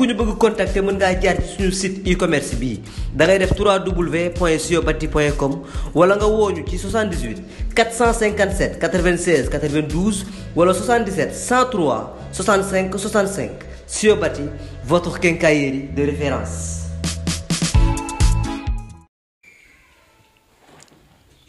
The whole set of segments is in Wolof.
ku ñu bëgg contacter mën ngaa jaar ci suñu site e-commerce bi da def 3w point siobati point com wala nga wooñu ci 78 457 96 92 wala 77 103 65 65 Siobati votre quincaillerie de référence.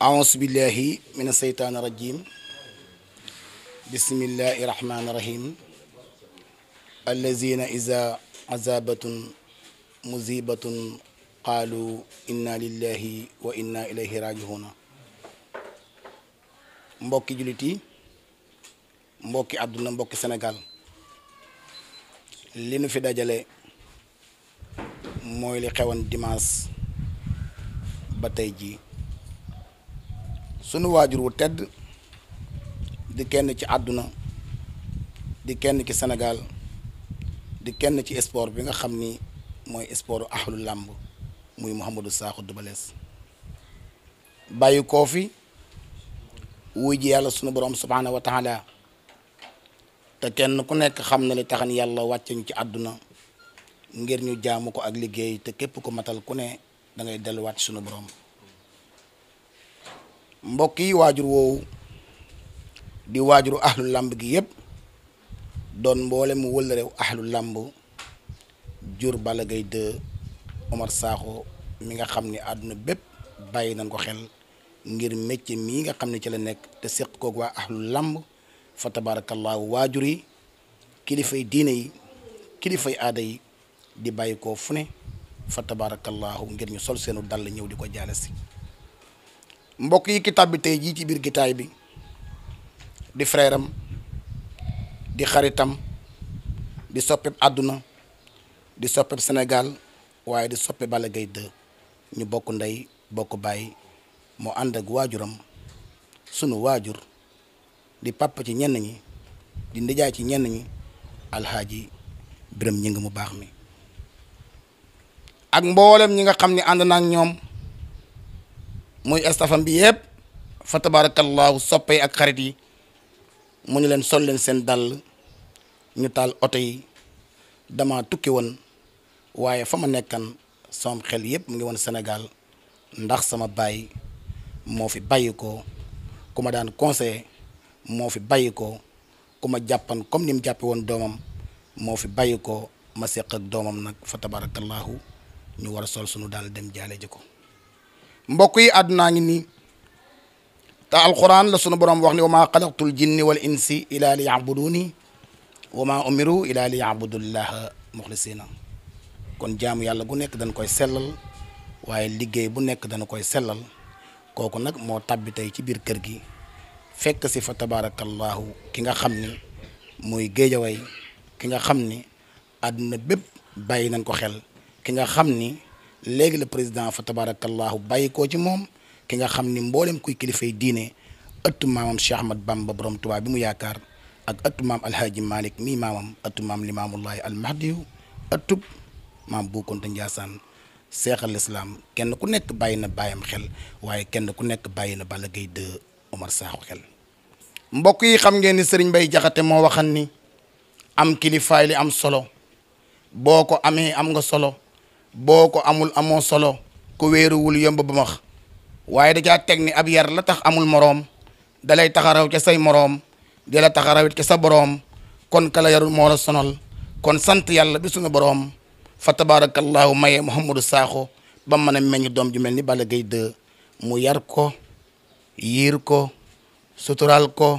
aousu billahi mina seytaani rajim bismillahi rahmaani rahim allazina azabatu musibatun qaalu inna lillahi wa inna ilayhi rajihuna mbokki jullit mbokki àdduna mbokki senegal li nu fi dajale mooy li xewoon dimanche ba tey jii sunu waajur wu tedd di kenn ci àdduna di kenn ci Sénégal di kenn ci sport bi nga xam ni mooy sport ahlu làmb muy Mouhamadou Sakho Double Less bàyyi koo fi wuy ji yàlla sunu borom subhaanahu wa taala te kenn ku nekk xam na li taxan yàlla wàcce ñu ci àdduna ngir ñu jaamu ko ak liggéey te képp ko matal ku ne dangay dellu delluwaat sunu borom mbokk yi waajur woowu di waajuru ahlu làmb gi yépp doon mboole mu wël réew ahlu làmb jur Balla Gaye 2 Omar Sakho mi nga xam ni àdduna bépp bàyyi nañ ko xel ngir métier mii nga xam ne ci la nekk te séq koog waa ahlu làmb fa tabaarakallaahu waajur yi kilifay diine yi kilifay aada yi di bàyyi koo fu ne fa tabaarakallaahu ngir ñu sol seenu dàll ñëw di ko jaale si mbokk yi kitaab bi tey jii ci biir gitaay bi di frère di xaritam di soppeb àdduna di soppeb Sénégal waaye di soppe bala Gaye 2 ñu bokk ndey bokk baay moo ànd ak waajuram sunu waajur di papa ci ñenn ñi di ndijaay ci ñenn ñi alxaaji Biram ñi mu baax mi ak mboolem ñi nga xam ne ànd naak ñoom muy estafam bi yëpp fa tabarakallahu soppe ak xarit yi mu ñu leen sol leen seen dàll ñu taal oto yi dama tukki woon waaye fa ma nekkan sama xel yëpp mu ngi wan Sénégal ndax sama baay moo fi bàyyi ko ku ma daan conseillé moo fi bàyyi ko ku ma jàppan comme ni mu jàppe woon doomam moo fi bàyyi ko ma seq doomam nag fa tabarakallahu ñu war sol sunu daal dem jaale ji ko mbokk yi àddunaa ngi nii te alquran la sunu borom wax ni wa maa xalaqtul jinni wal insi ila li wa ma umiru ila li yabudullaha muxlisina kon jaamu yàlla gu nekk dañ koy sellal waaye liggéey bu nekk dana koy sellal kooku nag moo tàbbi tey ci biir kër gi fekk si fa tabaarakallaahu ki nga xam ni mooy géejaway ki nga xam ni àdduna bépp bàyyi nañ ko xel ki nga xam ni léegi la président fa tabaarakallaahu bàyyi koo ci moom ki nga xam ni mboolem kuy kilifay diine ëttu maamam Cheikh Ahmad Bamba borom Tuubaa bi mu yaakaar ak ëttu maam alhaaji malik mii maamam ëttu maam limaamullahi almahdiyu ëttub maam Boukounta Ndiassane seexal islam kenn ku nekk bàyyi na bàyyam xel waaye kenn ku nekk bàyyi na Balla Gaye 2 Omar Sakho xel mbokk yi xam ngeen ni sëriñ Bay Jaxate moo waxan ni am kilifaay li am solo boo ko amee am nga solo boo ko amul amoo solo ku wéeruwul yomb ba waaye da caa teg ab yar la tax amul moroom dalay taxaraw ca say moroom di la tax a rawit ki sa boroom kon kala yarul moo la sonal kon sant yàlla bi suñu borom fa tabarakallahu maye Mouhamadou Sakho ba mën a meññ doom ju mel ni bala Gaye 2 mu yar ko yiir ko sutural ko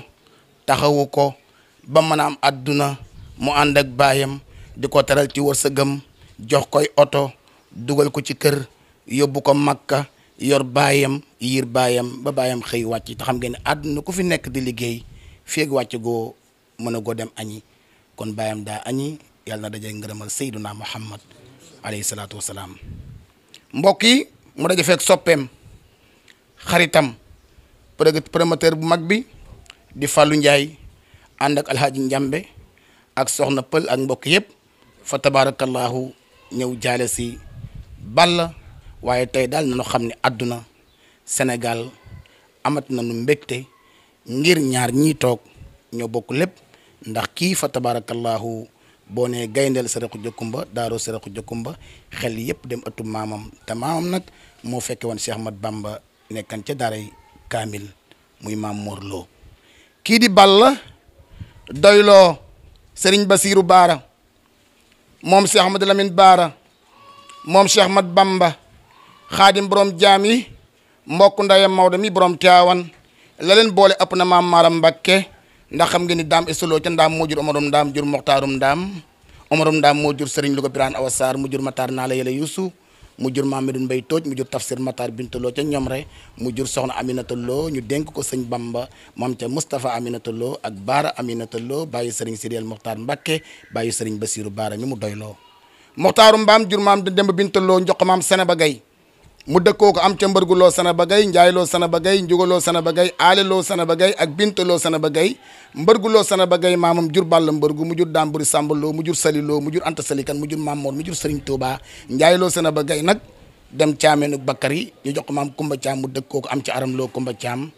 taxawu ko bam mën a am adduna mu ànd baayam di ko teral ci wërsëgam jox koy oto dugal ko ci kër yóbbu ko Makka yor baayam yiir baayam ba baayam xëy wàcc te xam ngeen ne àdduna ku fi nekk di liggéey feeg wàcc goo mën goo dem añi kon bàyyam daa añi yàlla na dajee ngërëmal sayduna muhammad alayhi salaatu wasalaam mbokk yi mu daje feeg soppeem xaritam promoteur bu mag bi di Fallou Ndiaye ànd ak alhaaji Njambe ak soxna pël ak mbokk yépp fa tabarakallahu ñëw jaale si Balla waaye tey daal nañu xam ni àdduna senegal amat nañu mbégte ngir ñaar ñii toog ñoo bokk lépp ndax kii fa tabarakallahu boo nee gayndeel saraxu jokkumba daaroo saraxu kumba xel yëpp dem atu maamam te maamam nag moo fekke woon Cheikh Ahmad Bamba nekkan ca daaray kaamil muy maam Mor Lo di Balla doyloo Serigne Basiiru Baara moom Cheikh Ahmad Lamine Baara moom Cheikh Ahmad Bamba xaadim borom jaam yi nda ndeyam Maodo mi borom Tiawan la boole ëpp na maam Maaram Mbàkke ndax xam nga ni daam isoloo ca ndaam moo jur omarum ndaam jur moxtaarum ndaam omarum ndaam moo jur sëriñ lu ko biraan awa mu jur mataar naa la yële yuusu mu jur Mamadou Mbaye Tooj mu jur tafsir Matar Bintaloo ca ñoom rek mu jur soxna ta loo ñu dénk ko sëñ Bamba moom ca Moustapha Aminata Lo ak Baara ta loo bàyyi sëriñ Siriel Moxtaar mbakke bàyyi sëriñ Basiiru Baara mi mu doyloo moxtaaru mbaam jur maam Demba Bintaloo njox maam Seneba Gay mu dëkkoo ko am ca mbërgu loo sana ba gay njaay loo sana ba gay njugaloo sana ba gay aale loo sana ba gay ak bintaloo sana ba gay mbërgu loo sana ba gay maamam jur bàll mbërgu mu jur damburi sàmbaloo mu jur saliloo mu jur anta sali mu jur mamoor mu jur sëriñ tuubaa njaay loo sana ba gay nag dem caameenu bakkar yi ñu jox ko maam kumba caam mu dëkkoo ko am ci aram loo kumba caam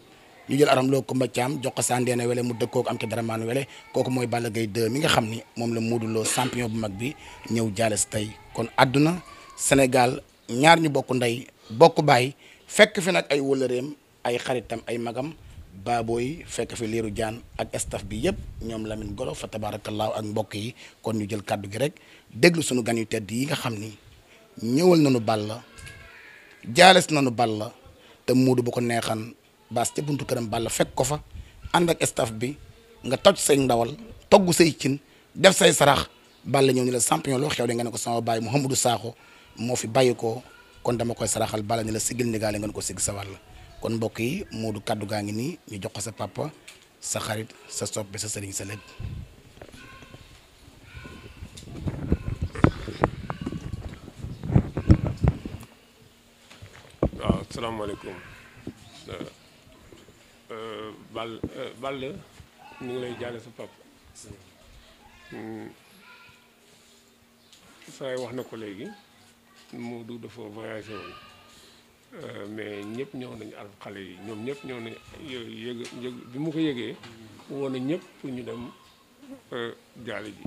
ñu jël aram loo kumba caam jox ko sandeena wele mu dëkkoo ko am ci daramaan wele kooku mooy Balla gay 2 mi nga xam ni moom la Modou Lo champion bu mag bi ñëw jaales tey kon àdduna Sénégal ñaar ñu bokk ndey bokk baay fekk fi nag ay wëllëreem ay xaritam ay magam baabooy fekk fi liiru jaan ak staf bi yëpp ñoom lamit Golo fa tabaarakallaahu ak mbokk yi kon ñu jël kàddu gi rek déglu suñu gan yu tedd yi nga xam ni ñëwal la nañu Balla jaales nañu la te mu muudu bu ko neexan baas ca buntu këram Balla fekk ko fa ànd ak staf bi nga toj say ndawal togg say cin def say sarax Balla ñëw ni la champion loo xew de nga ne ko sama baay Mouhamadou Sakho moo fi bàyyi ko kon dama koy saraxal bala ne la sigil ndigaale ngeen ko sigg sa wàll kon mbokk yi Modou kàddu gaa ngi nii ñu jox ko sa papa sa xarit sa soppe sa sëriñ sa lépp. waaw asalaamaaleykum euh, euh, euh, ngi lay jaale sa papa. Hmm. saa wax na ko léegi. du dafa voyagé woon euh, mais ñëpp ñëw nañu al xale yi ñoom ñëpp ñëw nañu yëg yëg bi mu ko yëgee woon na ñëpp ñu dem jaale euh, ji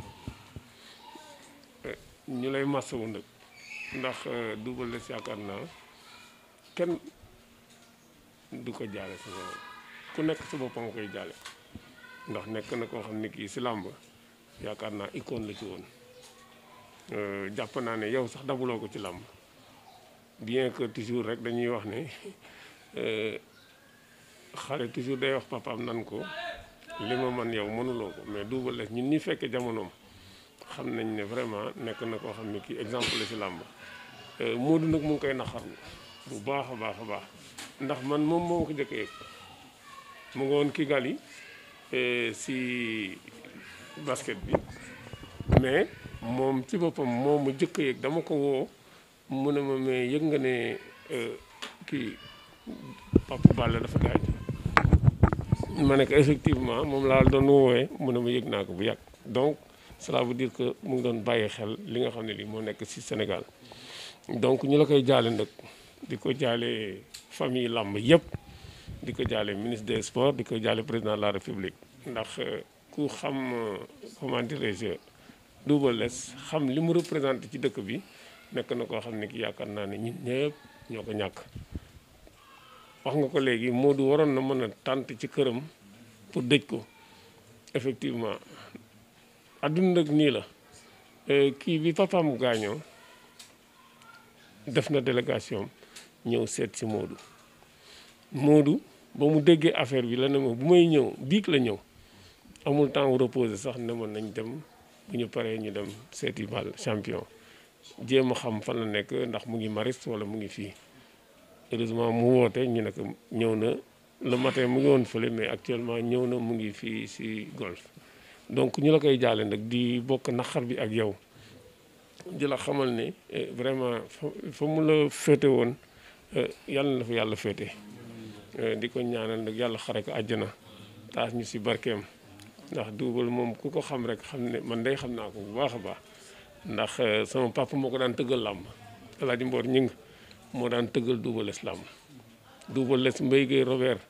euh, ñu lay masawu nag ndax Double Less yaakaar naa kenn du ko jaale sa bopp ku nekk sa boppam koy jaale ndax nekk na koo xam ne kii si làmb yaakaar naa icône la ci woon Euh, jàpp naa ne yow sax dabuloo ko ci làmb bien que toujours rek dañuy wax ne euh, xale toujours day wax papaam nan ko li ma man yow mënuloo ko mais Double Less ñun ñi fekkee jamonoom xam nañ ne vraiment nekk na koo xam ne ki exemple la ci làmb euh, Modou nag mu ngi koy naxarlu bu baax a baax a baax ndax man moom moo ko njëkk yëg mu ngi woon Kigali si basket bi mais moom ci boppam moom mu jëkk yëg dama ko woo mu ne ma mais yëg nga ne euh, kii Papa Balla dafa gaañ ma ne ko effectivement moom laa doon woowee mun a ma yëg naa ko bu yàgg donc cela veut dire que mu ngi doon bàyyi xel li nga xam ne lii moo nekk ci Sénégal donc ñu la koy jaale nag di ko jaale famille làmb yëpp di ko jaale ministre des sports di koy jaale président de la république ndax euh, ku xam euh, comment dirais Double Less xam li mu représenté ci dëkk bi nekk na koo xam ne ki yaakaar naa ne ñun ñëpp ñoo ko ñàkk wax nga ko léegi moodu waroon na mën a tànt ci këram pour dëj ko effectivement adduna nag nii la euh, kii bi papaam gaañoo def na délégation ñëw seet si moodu Modou ba mu déggee affaire bi la ne ma bu may ñëw biig la ñëw amul temps wu reposé sax ne nañ dem bu ñu paree ñu dem seeti bal champion jéem a xam fan la nekk ndax mu ngi maris wala mu ngi fii heureusement mu woote ñu ne ñëw na le matin mu ngi woon fële mais actuellement ñëw na mu ngi fii si golf donc ñu la koy jaale nag di bokk naqar bi ak yow di la xamal ne eh, vraiment fa mu la féete woon eh, yàlla na fa yàlla féete eh, di ko ñaanal nag yàlla xare ko àjjana taas ñu si barkeem ndax duubal moom ku ko xam rek xam ne man day xam naa ko bu baax a baax ndax euh, sama papa moo ko daan tëggal làmb Alaaji Mboor Ñing moo daan tëggal duubalees làmb duubalees Mbay Gay Robert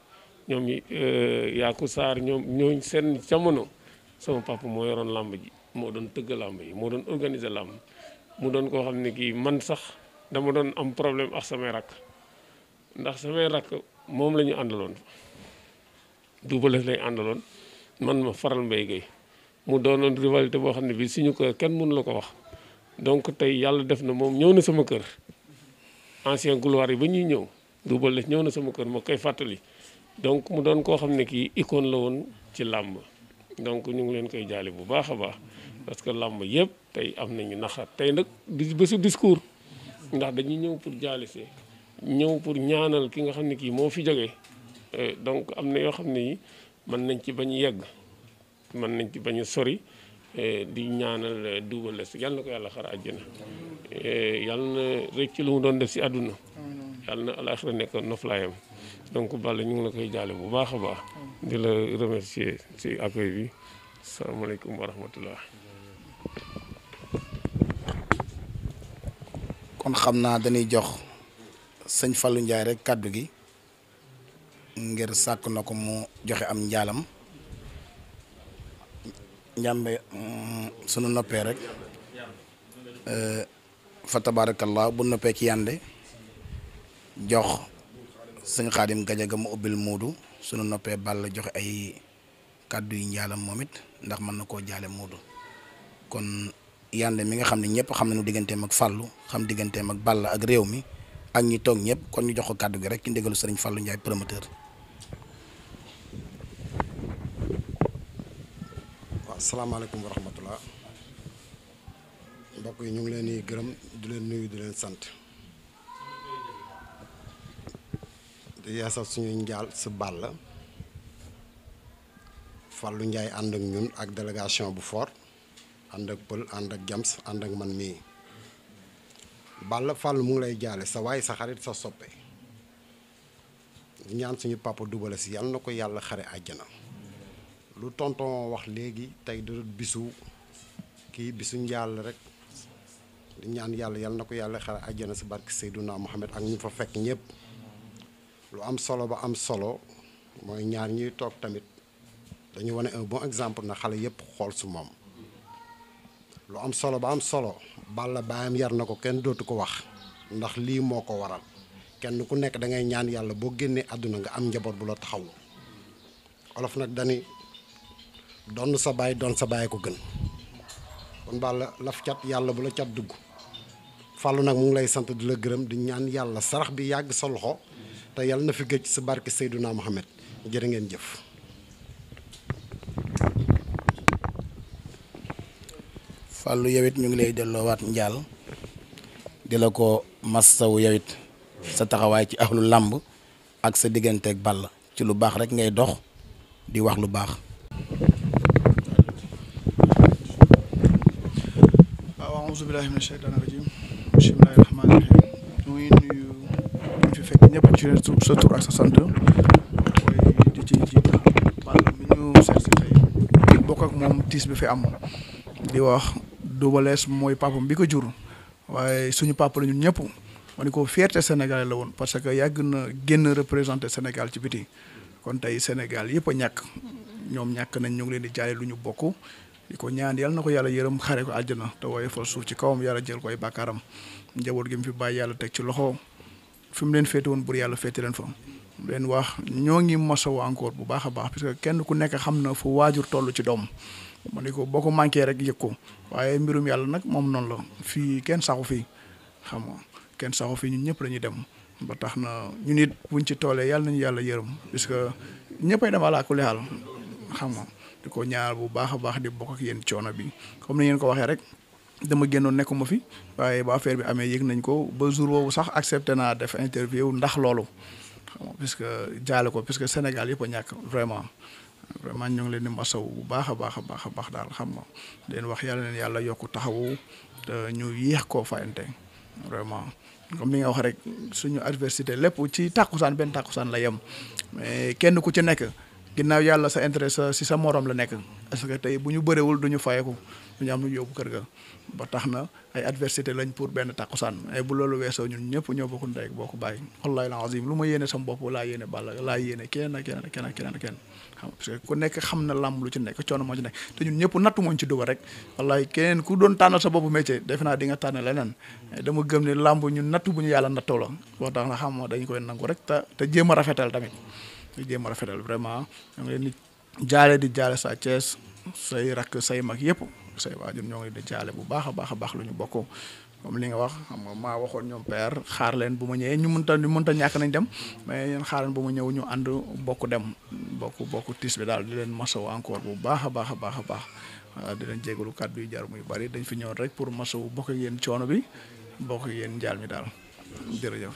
ñoom euh, Yaaku Saar ñoom ñooñ seen jamono sama papa moo yoroon làmb ji moo doon tëgg làmb yi moo doon organiser làmb mu doon koo xam ne man sax dama doon am problème ak samay rakk ndax samay moom la ñu àndaloon duubalees lay àndaloon man ma faral mbay Gueye mu doonoon rivalité boo xam ne bii suñu ko kenn mënu la ko wax donc tey yàlla def na moom ñëw na sama kër ancien gloire yi ba ñuy ñëw duubal la ñëw na sama kër ma koy fàttali donc mu doon koo xam ne kii icône la woon ci làmb donc ñu ngi leen koy jaale bu baax a baax parce que làmb yëpp tey am nañu naxar tey nag di bésu discours ndax dañuy ñëw pour jaalise ñëw pour ñaanal ki nga xam ne kii moo fi jógee euh, donc am na yoo xam ne yi mën nañ ci bañ yegg mën nañ ci bañ a sori eh, di ñaanal eh, Double si yal na ko yàlla xar àjjana eh, yal na rëcc lu mu doon def si àdduna yal na alaxira nekk noflaayam donc Balla ñu ngi la koy jaale bu baax a baax di la remercier si accueil bi salaamaaleykum wa rahmatullah kon xam naa dañuy jox sëñ Fallou Ndiaye rek kàddu gi ngir sàkk na ko mu joxe am njaalam njàmbe mm, sunu noppee rek eh, fa tabarakallah bu noppee ci yànde jox sëñ xaadim gajaga mu ubbil muudu sunu noppee bàll joxe ay kàddu yu njaalam moom it ndax mën na koo jaale muudu kon yànde mi nga xam ne ñëpp xam nañu digganteem ak fàllu xam digganteem ak bàll ak réew mi ak ñi toog ñëpp kon ñu jox ko kàddu gi rek ci ndigalu sëriñ fàllu njaay promoteur waaw salaamaaleykum wa mbokk yi ñu ngi leen di gërëm di leen nuyu di leen sant di yeesal suñu njaal si bàll Fallou Ndiaye ànd ak ñun ak delegation bu foor ànd ak pël ànd ak jams ànd ak man mii bàll Fallou mu ngi lay jaale sa waay sa xarit sa soppe ñaan suñu papa dubale si yàlla na ko yàlla xare àjjana lu tonton wax léegi tey du bisu kii bisu njaal rek di ñaan yàlla yal na ko yàlla xare àjjana si barke Seydouna Mohamed ak ñu fa fekk ñëpp lu am solo ba am solo mooy ñaar ñuy toog tamit dañu wane un exemple na xale yëpp xool su moom lu am solo ba am solo Balla baayam yar na ko kenn dootu ko wax ndax lii moo ko waral kenn ku nekk da ngay ñaan yàlla boo génnee àdduna nga am njaboot bu la taxaw olof nag dani donn sa baay doon sa baay ko gën kon laf cat yàlla bu la cat dugg fàllu nag mu ngi lay sant di la gërëm di ñaan yàlla sarax bi yàgg sa loxo te yàlla na fi gëj si barke Seydouna Mohamed jërë ngeen jëf fàllu yowit ñu ngi lay delloowaat njaal di la ko massawu yow it sa taxawaay ci axlu làmb ak sa digganteeg ball ci lu baax rek ngay dox di wax lu baax aousubillahi mina sheytan irajim bismillahi rahmani rahim ñu ngi nuyu ñu fi fekk ñëpp ci sa tur ak sa sant mooy di ci jiit Balla mi ñu seet si tey bokk ak moom tiis bi fi am di wax Double Less mooy papam bi ko jur waaye suñu papa la ñun ñëpp ma ne ko fierté sénégalais la woon parce que yàgg na génn représenté Sénégal ci biti kon tey Sénégal yëpp a ñàkk ñoom ñàkk nañ ñu ngi leen di jaale lu ñu bokk di ko ñaan yàlla na ko yàlla yërëm xare ko àjjana te wooye fal suuf ci kawam yàlla jël ko ay bàkkaaram njaboot gi mu fi bàyyi yàlla teg ci loxo fi mu leen féete woon bur yàlla féete leen fa leen wax ñoo ngi masawu encore bu baax a baax parce kenn ku nekk xam na fu waajur toll ci doom ma ne ko boo ko manqué rek yëg ko waaye mbirum yàlla nag moom noonu la fii kenn saxu fii xam nga kenn saxu fii ñun ñëpp lañuy dem ba tax na ñu nit buñ ci toolee yàlla nañu yàlla yërëm parce que ñëppay dem alaa kulli haal xam nga di ko ñaar bu baax a baax di bokk ak coono bi comme ni ko waxee rek dama génnoon nekkuma fi waaye ba affaire bi amee yëg nañ ko ba jour boobu sax accepté naa def interview ndax loolu xam nga puisque jaale ko que Sénégal yëpp ñàkk vraiment vraiment ñu ngi leen di masaw bu baax a baax baax a baax daal xam nga leen wax yàlla leen yàlla yokk taxawu te ñu yéex ko fayante vraiment comme li nga wax rek suñu adversité lépp ci tàkkusaan benn tàkkusaan la yem mais kenn ku ci ginnaaw yàlla sa intérêt sa si sa morom la nekk parce que tey bu ñu bëreewul du ñu fayeku du ñu am lu ñu yóbbu kër ga ba tax na ay adversité lañ pour benn takkusaan ay bu loolu weesoo ñun ñëpp ñoo bokk ndey boo ko bàyyi wallahi alazim lu ma yéene sama bopp laa yéene Balla laa yéene kenn ak kenn ak kenn ak kenn ak kenn xam parce que ku nekk xam na làmb lu ci nekk coono moo ci nekk te ñun ñëpp nattu mooñ ci duba rek wallahi keneen ku doon tànnal sa bopp métier defe naa di nga tànn leneen dama gëm ne làmb ñun nattu bu ñu yàlla nattoo la boo tax na xam dañ koy nangu rek te te jéem a rafetal tamit di jéem a rafetal vraiment ñoo di jaale di jaale sa Thiès say rakk say mag yëpp say waajur ñoo ngi leen di jaale bu baax a baax a baax lu ñu bokk comme li nga wax xam nga maa waxoon ñoom père xaar leen bu ma ñëwee ñu mënta ñu mënta ñàkk nañ dem mais yéen xaar leen bu ma ñëw ñu ànd bokk dem bokk bokk tiis bi daal di leen masawu encore bu baax a baax a baax a baax di leen jégalu kàddu yu jar yu bari dañ fi ñëw rek pour masawu bokk ak yéen coono bi bokk ak njaal mi daal jërëjëf.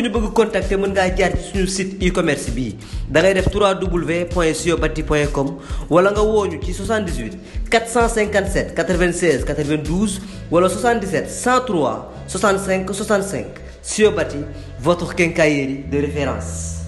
ku ñu bëgg contacter mën ngaa jaar ci suñu site e-commerce bii da ngay def www.siobati.com wala nga woo ñu ci 78 457 96 92 wala 77 103 65 65 Siobati votre quincaillerie de référence.